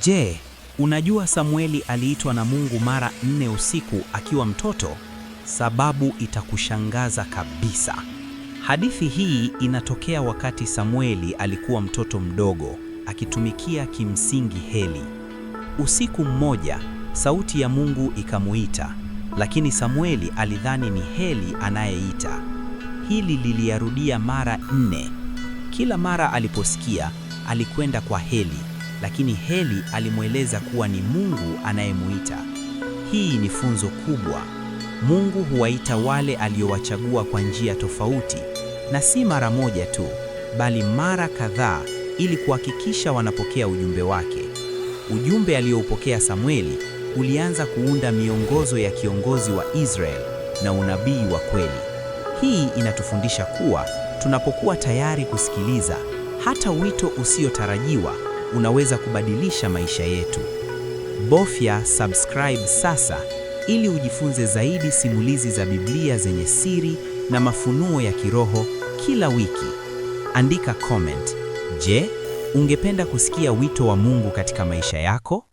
Je, unajua Samueli aliitwa na Mungu mara nne usiku akiwa mtoto? Sababu itakushangaza kabisa. Hadithi hii inatokea wakati Samueli alikuwa mtoto mdogo akitumikia kimsingi heli. Usiku mmoja, sauti ya Mungu ikamuita, lakini Samueli alidhani ni heli anayeita. Hili liliarudia mara nne. Kila mara aliposikia, alikwenda kwa heli lakini Heli alimweleza kuwa ni Mungu anayemuita. Hii ni funzo kubwa. Mungu huwaita wale aliowachagua kwa njia tofauti, na si mara moja tu, bali mara kadhaa ili kuhakikisha wanapokea ujumbe wake. Ujumbe aliyoupokea Samueli ulianza kuunda miongozo ya kiongozi wa Israeli na unabii wa kweli. Hii inatufundisha kuwa tunapokuwa tayari kusikiliza hata wito usiotarajiwa unaweza kubadilisha maisha yetu. Bofya subscribe sasa ili ujifunze zaidi simulizi za Biblia zenye siri na mafunuo ya kiroho kila wiki. Andika comment. Je, ungependa kusikia wito wa Mungu katika maisha yako?